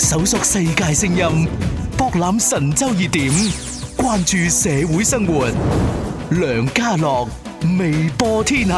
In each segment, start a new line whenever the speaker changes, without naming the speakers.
搜索世界聲音，博覽神州熱點，關注社會生活。梁家樂，微播天下。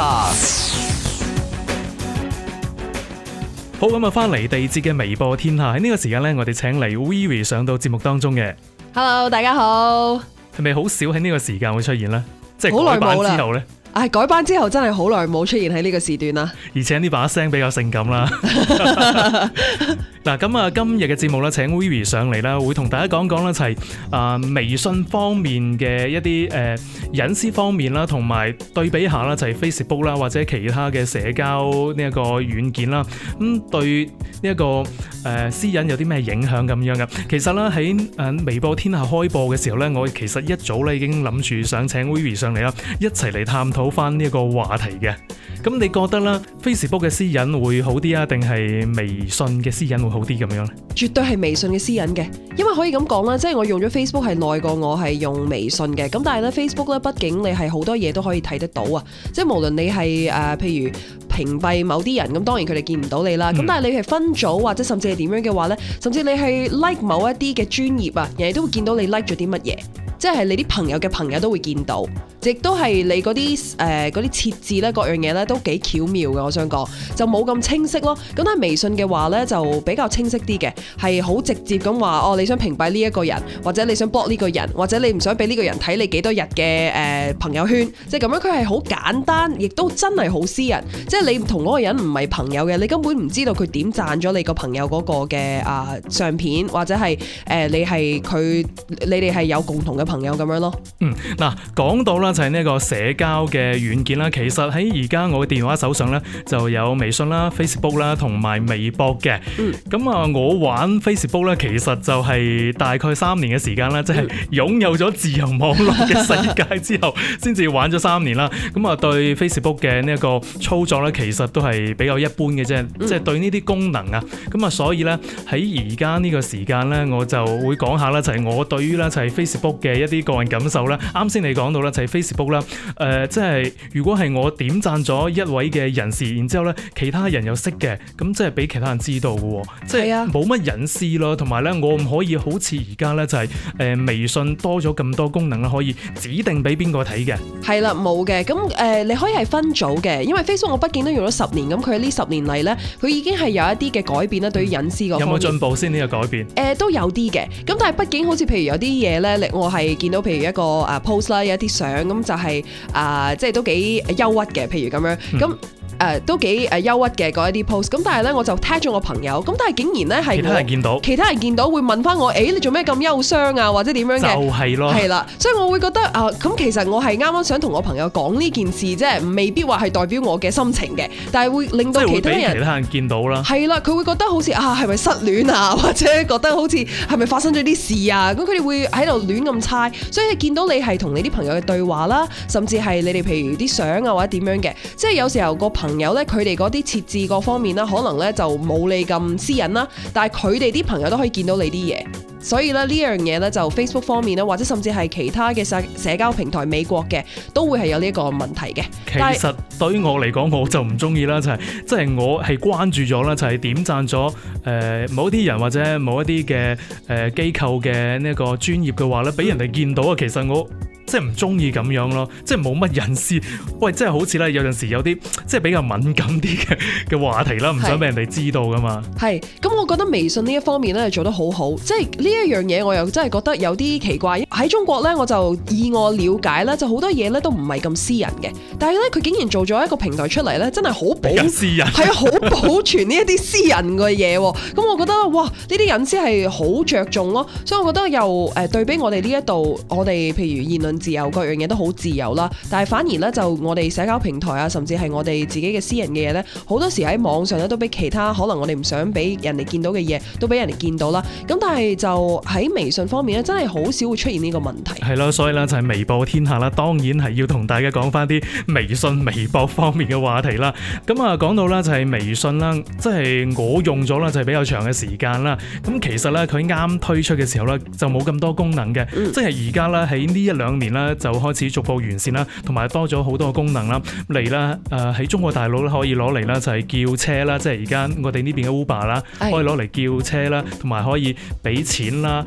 好咁啊，翻嚟第二節嘅微播天下喺呢個時間咧，我哋請嚟 Vivi 上到節目當中嘅。
Hello，大家好。
係咪好少喺呢個時間會出現咧？即係改班之後咧？
唉、啊，改班之後真係好耐冇出現喺呢個時段啦。
而且呢把聲比較性感啦。 嗱，咁啊，今日嘅節目咧，請 Wee 上嚟啦，會同大家講講咧，就係、是、啊、呃，微信方面嘅一啲誒、呃、隱私方面啦，同埋對比下啦，就係、是、Facebook 啦，或者其他嘅社交呢一個軟件啦，咁、嗯、對呢、這、一個誒、呃、私隱有啲咩影響咁樣嘅。其實咧，喺誒微博天下開播嘅時候咧，我其實一早咧已經諗住想請 Wee 上嚟啦，一齊嚟探討翻呢一個話題嘅。咁你覺得咧，Facebook 嘅私隱會好啲啊，定係微信嘅私隱會好啲咁樣
咧，絕對係微信嘅私隱嘅，因為可以咁講啦，即係我用咗 Facebook 係耐過我係用微信嘅，咁但係咧 Facebook 咧，畢竟你係好多嘢都可以睇得到啊，即係無論你係誒、呃、譬如屏蔽某啲人，咁當然佢哋見唔到你啦，咁、嗯、但係你係分組或者甚至係點樣嘅話咧，甚至你係 like 某一啲嘅專頁啊，人哋都會見到你 like 咗啲乜嘢。即係你啲朋友嘅朋友都會見到，亦都係你嗰啲誒啲設置咧，各樣嘢咧都幾巧妙嘅。我想講就冇咁清晰咯。咁但係微信嘅話咧就比較清晰啲嘅，係好直接咁話哦，你想屏蔽呢一個人，或者你想 block 呢個人，或者你唔想俾呢個人睇你幾多日嘅誒、呃、朋友圈，即係咁樣佢係好簡單，亦都真係好私人。即係你同嗰個人唔係朋友嘅，你根本唔知道佢點讚咗你個朋友嗰個嘅啊、呃、相片，或者係誒、呃、你係佢你哋係有共同嘅。朋友咁樣咯，嗯，
嗱講到啦就係呢個社交嘅軟件啦，其實喺而家我嘅電話手上咧就有微信啦、Facebook 啦同埋微博嘅，嗯，咁啊我玩 Facebook 咧其實就係大概三年嘅時間啦，即係擁有咗自由網絡嘅世界之後，先至玩咗三年啦，咁啊對 Facebook 嘅呢一個操作咧其實都係比較一般嘅啫，即係對呢啲功能啊，咁啊所以咧喺而家呢個時間咧我就會講下咧，就係我對於咧就係 Facebook 嘅。一啲個人感受啦，啱先你講到啦，就係、是、Facebook 啦、呃，誒，即係如果係我點讚咗一位嘅人士，然之後咧，其他人又識嘅，咁即係俾其他人知道嘅，啊、即係冇乜隱私咯。同埋咧，我唔可以好似而家咧，就係、是、誒、呃、微信多咗咁多功能啦，可以指定俾邊個睇嘅。
係啦，冇嘅，咁誒、呃、你可以係分組嘅，因為 Facebook 我畢竟都用咗十年，咁佢喺呢十年嚟咧，佢已經係有一啲嘅改變啦。對於隱私有冇進步
先呢個改變？
誒、呃、都有啲嘅，咁但係畢竟好似譬如有啲嘢咧，我係。見到譬如一個啊 post 啦，有一啲相咁就係、是、啊、呃，即係都幾憂鬱嘅，譬如咁樣咁。嗯。誒、呃、都幾誒憂鬱嘅嗰一啲 post，咁但係咧我就 tag 咗我朋友，咁但係竟然咧係其他人見到，其他人見到會問翻我，誒、欸、你做咩咁憂傷啊，或者點樣嘅？就係咯，係啦，所以我會覺得啊，咁、呃、其實我係啱啱想同我朋友講呢件事，即係未必話係代表我嘅心情嘅，但係會令到其他人，其他
人見到啦，係
啦，佢會覺得好似啊係咪失戀啊，或者覺得好似係咪發生咗啲事啊？咁佢哋會喺度亂咁猜，所以見到你係同你啲朋友嘅對話啦，甚至係你哋譬如啲相啊或者點樣嘅，即係有時候個朋友朋友咧，佢哋嗰啲設置各方面啦，可能咧就冇你咁私隱啦。但係佢哋啲朋友都可以見到你啲嘢，所以咧呢樣嘢咧就 Facebook 方面啦，或者甚至係其他嘅社社交平台，美國嘅都會係有呢一個問題嘅。其實
對於我嚟講，我就唔中意啦，就係即係我係關注咗啦，就係點讚咗誒某一啲人或者某一啲嘅誒機構嘅呢個專業嘅話咧，俾人哋見到啊，其實我。即係唔中意咁樣咯，即係冇乜隱私，喂，即係好似咧有陣時有啲即係比較敏感啲嘅嘅話題啦，唔想俾人哋知道㗎嘛。
係，咁、嗯、我覺得微信呢一方面咧做得好好，即係呢一樣嘢我又真係覺得有啲奇怪。喺中國咧，我就以我了解咧就好多嘢咧都唔係咁私人嘅，但係咧佢竟然做咗一個平台出嚟咧，真係好保、哎、私人，係啊，好保存呢一啲私人嘅嘢。咁、嗯嗯、我覺得哇，呢啲隱私係好着重咯，所以我覺得又誒、呃、對比我哋呢一度，我哋譬如言論。自由各樣嘢都好自由啦，但係反而咧就我哋社交平台啊，甚至係我哋自己嘅私人嘅嘢咧，好多時喺網上咧都俾其他可能我哋唔想俾人哋見到嘅嘢，都俾人哋見到啦。咁但係就喺微信方面咧，真係好少會出現呢個問題。
係咯，所以咧就係微博天下啦，當然係要同大家講翻啲微信、微博方面嘅話題啦。咁啊講到啦就係微信啦，即係我用咗啦就係比較長嘅時間啦。咁其實咧佢啱推出嘅時候咧就冇咁多功能嘅，嗯、即係而家咧喺呢一兩年啦就開始逐步完善啦，同埋多咗好多功能啦。嚟啦，誒、呃、喺中國大陸咧可以攞嚟啦，就係、是、叫車啦，即係而家我哋呢邊嘅 Uber 啦，可以攞嚟叫車啦，同埋可以俾錢啦，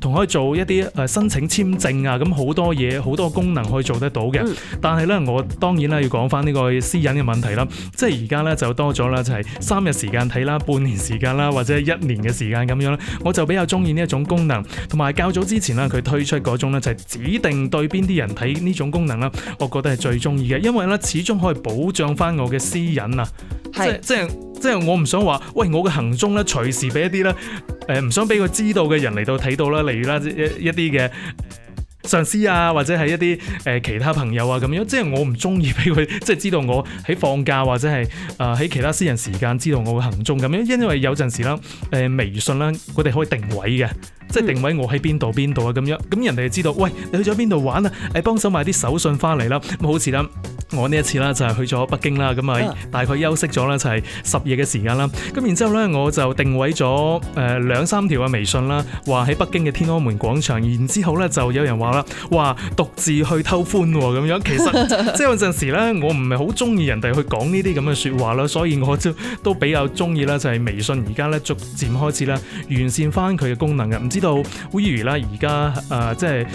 同可以做一啲誒申請簽證啊，咁好多嘢好多功能可以做得到嘅。但係咧，我當然啦要講返呢個私隱嘅問題啦，即係而家咧就多咗啦，就係三日時間睇啦，半年時間啦，或者一年嘅時間咁樣啦。我就比較中意呢一種功能，同埋較早之前啦佢推出嗰種咧就係指定對邊啲人睇呢種功能咧，我覺得係最中意嘅，因為咧始終可以保障翻我嘅私隱啊是！即即即我唔想話，喂我嘅行蹤咧隨時俾一啲咧誒唔想俾佢知道嘅人嚟到睇到啦，例如啦一啲嘅。上司啊，或者係一啲誒、呃、其他朋友啊，咁樣即係我唔中意俾佢即係知道我喺放假或者係誒喺其他私人時間知道我嘅行蹤咁樣，因為有陣時啦，誒、呃、微信啦，佢哋可以定位嘅，即係定位我喺邊度邊度啊咁樣，咁人哋就知道，喂，你去咗邊度玩啊？誒，幫手買啲手信翻嚟啦，冇事啦。我呢一次啦，就係去咗北京啦，咁啊大概休息咗啦，就係、是、十夜嘅時間啦。咁然之後呢，我就定位咗誒兩三條嘅微信啦，話喺北京嘅天安門廣場。然之後呢，就有人話啦，話獨自去偷歡咁樣。其實即係、就是、有陣時呢，我唔係好中意人哋去講呢啲咁嘅説話啦，所以我就都比較中意啦，就係微信而家呢，逐漸開始啦完善翻佢嘅功能嘅。唔知道烏爾啦，而家誒即係。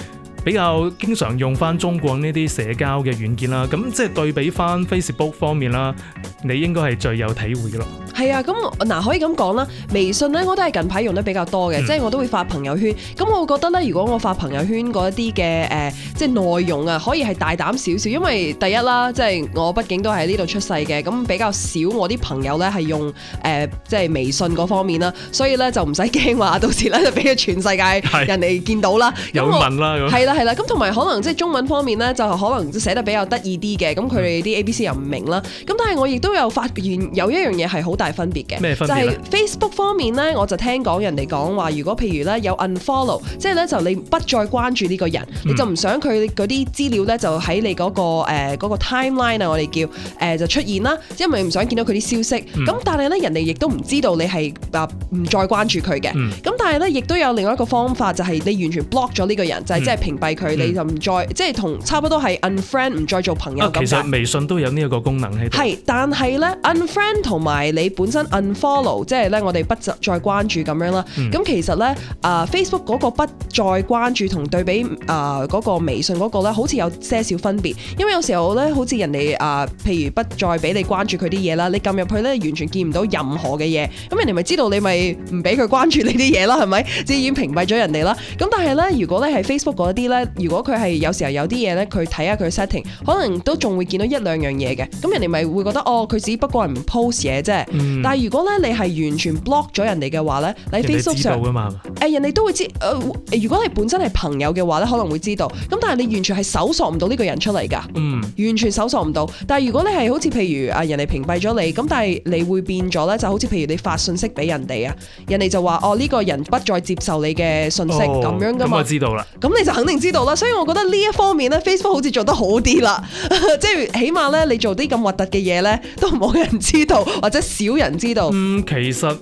比較經常用翻中國呢啲社交嘅軟件啦，咁、嗯、即係對比翻 Facebook 方面啦，你應該係最有體會嘅咯。
係啊，咁嗱、啊、可以咁講啦，微信咧我都係近排用得比較多嘅，嗯、即係我都會發朋友圈。咁我覺得咧，如果我發朋友圈嗰一啲嘅誒，即係內容啊，可以係大膽少少，因為第一啦，即係我畢竟都喺呢度出世嘅，咁比較少我啲朋友咧係用誒、呃、即係微信嗰方面啦，所以咧就唔使驚話到時咧就俾全世界人哋見到啦。是那有問啦，係啦我。 係啦，咁同埋可能即係中文方面咧，就可能即係寫得比較得意啲嘅，咁佢哋啲 A B C 又唔明啦。咁但係我亦都有發現有一樣嘢係好大分別嘅，就係 Facebook 方面咧，我就聽講人哋講話，如果譬如咧有 unfollow，即係咧就你不再關注呢個人，嗯、你就唔想佢啲資料咧就喺你嗰、嗰個誒嗰、呃嗰個 timeline 啊我，我哋叫誒就出現啦，因為唔想見到佢啲消息？咁、嗯、但係咧人哋亦都唔知道你係啊唔再關注佢嘅。咁、嗯、但係咧亦都有另外一個方法，就係、是、你完全 block 咗呢個人，就係即係平。佢你就唔再即係同差不多係 unfriend 唔再做朋友咁、啊、其實
微信都有呢一個功能喺度係，
但係咧 unfriend 同埋你本身 unfollow 即係咧，我哋不再關注咁樣啦。咁、嗯、其實咧啊、呃、Facebook 嗰個不再關注同對比啊、呃那個微信嗰個咧，好似有些少分別，因為有時候咧，好似人哋啊、呃，譬如不再俾你關注佢啲嘢啦，你撳入去咧，完全見唔到任何嘅嘢。咁人哋咪知道你咪唔俾佢關注你啲嘢啦，係咪？自然屏蔽咗人哋啦。咁但係咧，如果咧係 Facebook 嗰啲咧。如果佢係有時候有啲嘢咧，佢睇下佢 setting，可能都仲會見到一兩樣嘢嘅。咁人哋咪會覺得哦，佢只不過係唔 post 嘢啫。嗯、但係如果咧，你係完全 block 咗人哋嘅話咧，你 Facebook 上，誒人哋都會知、呃。如果你本身係朋友嘅話咧，可能會知道。咁但係你完全係搜索唔到呢個人出嚟噶，嗯、完全搜索唔到。但係如果你係好似譬如啊人哋屏蔽咗你，咁但係你會變咗咧，就好似譬如你發信息俾人哋啊，人哋就話哦呢、呢個人不再接受你嘅信息咁、哦、樣噶嘛。我知道啦，咁你就肯定。知道啦，所以我覺得呢一方面咧，Facebook 好似做得好啲啦，即係起碼咧，你做啲咁核突嘅嘢咧，都冇人知道或者少人知道。嗯，
其實。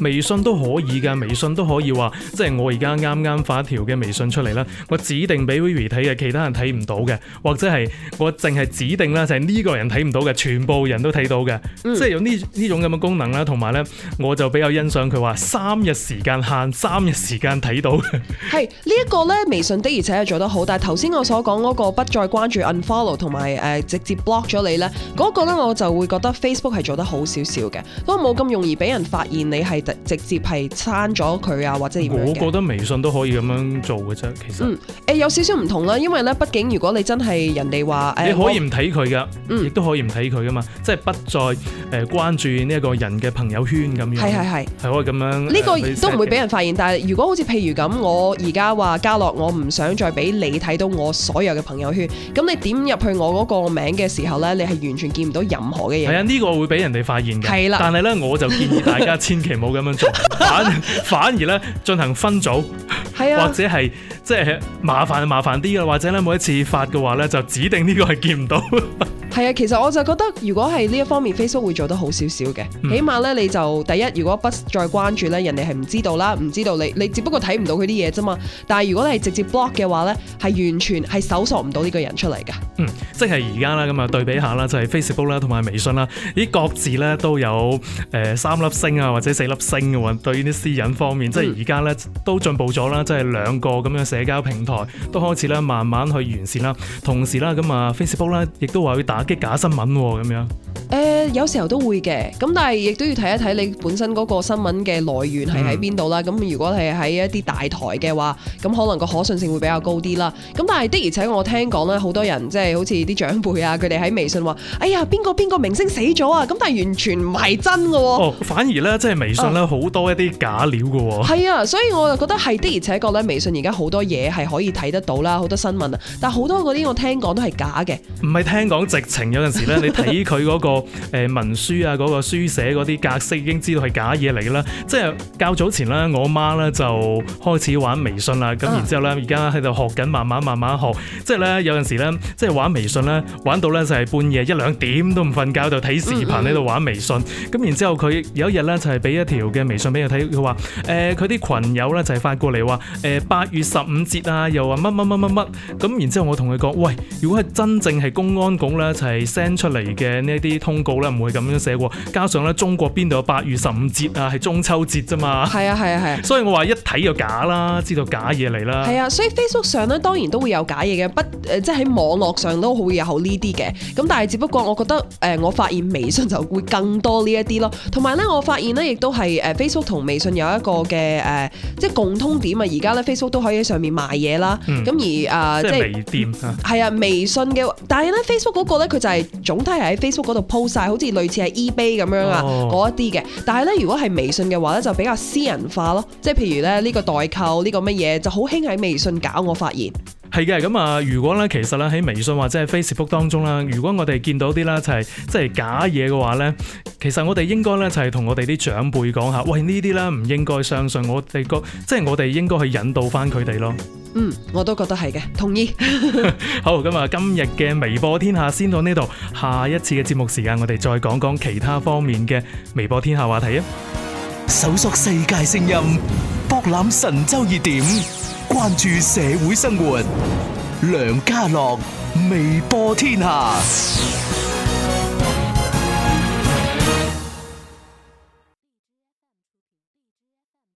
微信都可以㗎，微信都可以話，即係我而家啱啱發一條嘅微信出嚟啦，我指定俾 Vivi 睇嘅，其他人睇唔到嘅，或者係我淨係指定啦，就係呢個人睇唔到嘅，全部人都睇到嘅，嗯、即係有呢呢種咁嘅功能啦，同埋咧，我就比較欣賞佢話三日時間限，三日時間睇到嘅。
係呢一個咧，微信的而且係做得好，但係頭先我所講嗰個不再關注 unfollow 同埋誒、呃、直接 block 咗你咧，嗰、嗰個咧我就會覺得 Facebook 係做得好少少嘅，都冇咁容易俾人發現你係。直接係刪咗佢啊，或者點樣？我覺得
微信都可以咁樣做嘅啫，其實。
嗯，有少少唔同啦，因為咧，畢竟如果你真係人哋話誒，你可以唔睇佢噶，
亦、嗯、都可以唔睇佢噶嘛，即係不再誒關注呢一個人嘅朋友圈咁樣。係係係，係可以咁樣。呢個、呃、都唔會俾
人發現，但係如果好似譬如咁，我而家話嘉樂，我唔想再俾你睇到我所有嘅朋友圈，咁你點入去我嗰個名嘅時候咧，你係完全見唔到任何嘅嘢。係啊，呢、
呢個會俾人哋發現嘅。係啦，但係咧，我就建議大家千祈冇。咁樣做，反 反而咧進行分組，啊、
或者
係即係麻煩麻煩啲嘅，或者咧每一次發嘅話咧，就指定呢個係見唔到。
係啊，其實我就覺得，如果係呢一方面，Facebook 會做得好少少嘅，嗯、起碼咧你就第一，如果不再關注咧，人哋係唔知道啦，唔知道你，你只不過睇唔到佢啲嘢咋嘛。但係如果你係直接 block 嘅話咧，係完全係搜索唔到呢個人出嚟㗎、嗯。
即係而家啦，咁啊對比下啦，就係、是、Facebook 啦同埋微信啦，咦，各自咧都有誒、呃、三粒星啊或者四粒星嘅喎，對於啲私隱方面，嗯、即係而家咧都進步咗啦，即、就、係、是、兩個咁樣社交平台都開始咧慢慢去完善啦，同時啦咁啊 Facebook 啦亦都話會打。啲假新聞喎、哦、咁樣。
誒、呃、有時候都會嘅，咁但係亦都要睇一睇你本身嗰個新聞嘅來源係喺邊度啦。咁、嗯、如果係喺一啲大台嘅話，咁可能個可信性會比較高啲啦。咁但係的而且我聽講咧，好多人即係好似啲長輩啊，佢哋喺微信話，哎呀，邊個邊個明星死咗啊？咁但係完全唔係真嘅喎、啊哦。
反而咧即係微信咧好多一啲假料嘅喎、啊。係
啊，所以我就覺得係的而且確咧，微信而家好多嘢係可以睇得到啦，好多新聞啊。但係好多嗰啲我聽講都係假嘅。
唔係聽講，直情有陣時咧，你睇佢嗰個。 個誒、呃、文書啊，嗰、那個書寫嗰啲格式已經知道係假嘢嚟嘅啦。即係較早前咧，我媽咧就開始玩微信啦。咁然之後咧，而家喺度學緊，慢慢慢慢學。即係咧，有陣時咧，即係玩微信咧，玩到咧就係半夜一兩點都唔瞓覺，就睇視頻喺度玩微信。咁、uh。然之後佢有一日咧就係、是、俾一條嘅微信俾佢睇，佢話誒佢啲群友咧就係、是、發過嚟話誒八月十五節啊，又話乜乜乜乜乜咁。然之後我同佢講，喂，如果係真正係公安局咧就係、是、send 出嚟嘅呢一啲，通告咧唔會咁樣寫過，加上咧中國邊度有八月十五節啊，係中秋節啫嘛。係啊係啊係啊，啊啊所以我話一睇就假啦，知道假嘢嚟啦。係
啊，所以 Facebook 上咧當然都會有假嘢嘅，不誒、呃、即係喺網絡上都會有呢啲嘅。咁但係只不過我覺得誒、呃、我發現微信就會更多呢一啲咯。同埋咧，我發現咧亦都係誒 Facebook 同微信有一個嘅誒、呃、即係共通點啊。而家咧 Facebook 都可以喺上面賣嘢啦。咁、嗯、而誒、呃、即係微店啊。係、嗯、啊，微信嘅，但係咧 Facebook 嗰個咧，佢就係總體係喺 Facebook 度。晒好似類似係 eBay 咁樣啊，嗰一啲嘅。但係咧，如果係微信嘅話咧，就比較私人化咯。即係譬如咧，呢個代購呢個乜嘢就好興喺微信搞。我發現
係嘅咁啊。如果咧，其實咧喺微信或者係 Facebook 當中啦，如果我哋見到啲啦，就係即係假嘢嘅話咧，其實我哋應該咧就係同我哋啲長輩講下，喂呢啲啦唔應該相信我哋個，即係我哋應該去引導翻佢哋咯。
嗯，我都覺得係嘅，同意。
好，咁啊，今日嘅微播天下先到呢度，下一次嘅節目時間，我哋再講講其他方面嘅微播天下話題啊！搜索世界聲音，博覽神州熱點，關注社會生活。梁家樂，微播天下。